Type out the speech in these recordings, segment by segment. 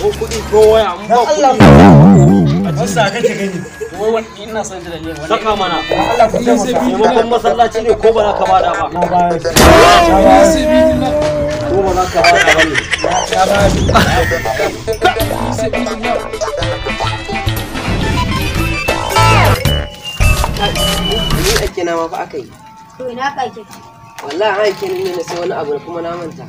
ko kuɗi ko waya in ba kuɗi a jisa kake gani wai wani ina son da yin wani saka mana Allah ku yi sai biyu maimakon masallaci ne ko ba za ka bada ba ne ko ba ka bada ba ne ya ba ni sai biyu na ni ake nama ma fa aka yi to ina ka ke wallahi ake ne sai wani abu kuma na manta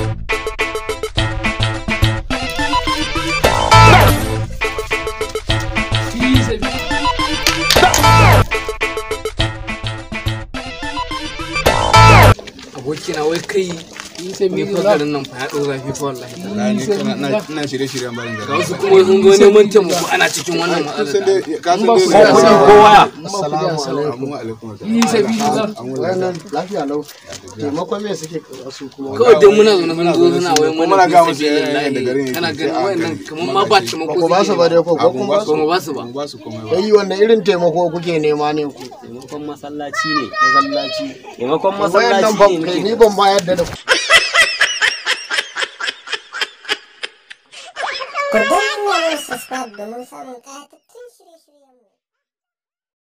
na wai kai ne fagarin nan fa ya ɗau zafi fa wallahi ina shirye-shiryen barin da wasu kuma sun zo neman taimako ana cikin wannan matsalar ka san dai ko kuɗi ko waya assalamu alaikum yi sabi wannan lafiya lau taimakon me suke su kuma kawai dan muna zo mun zo muna wai mun ga yayin da garin kana ganin wayannan kamar ma ba taimako ba su ba dai ko ko kuma ba su ba ba su ba yi wannan irin taimako kuke nema ne ku taimakon masallaci ne masallaci taimakon masallaci ne ni ban bayar da ku don subscribe domin samun ƙayatattun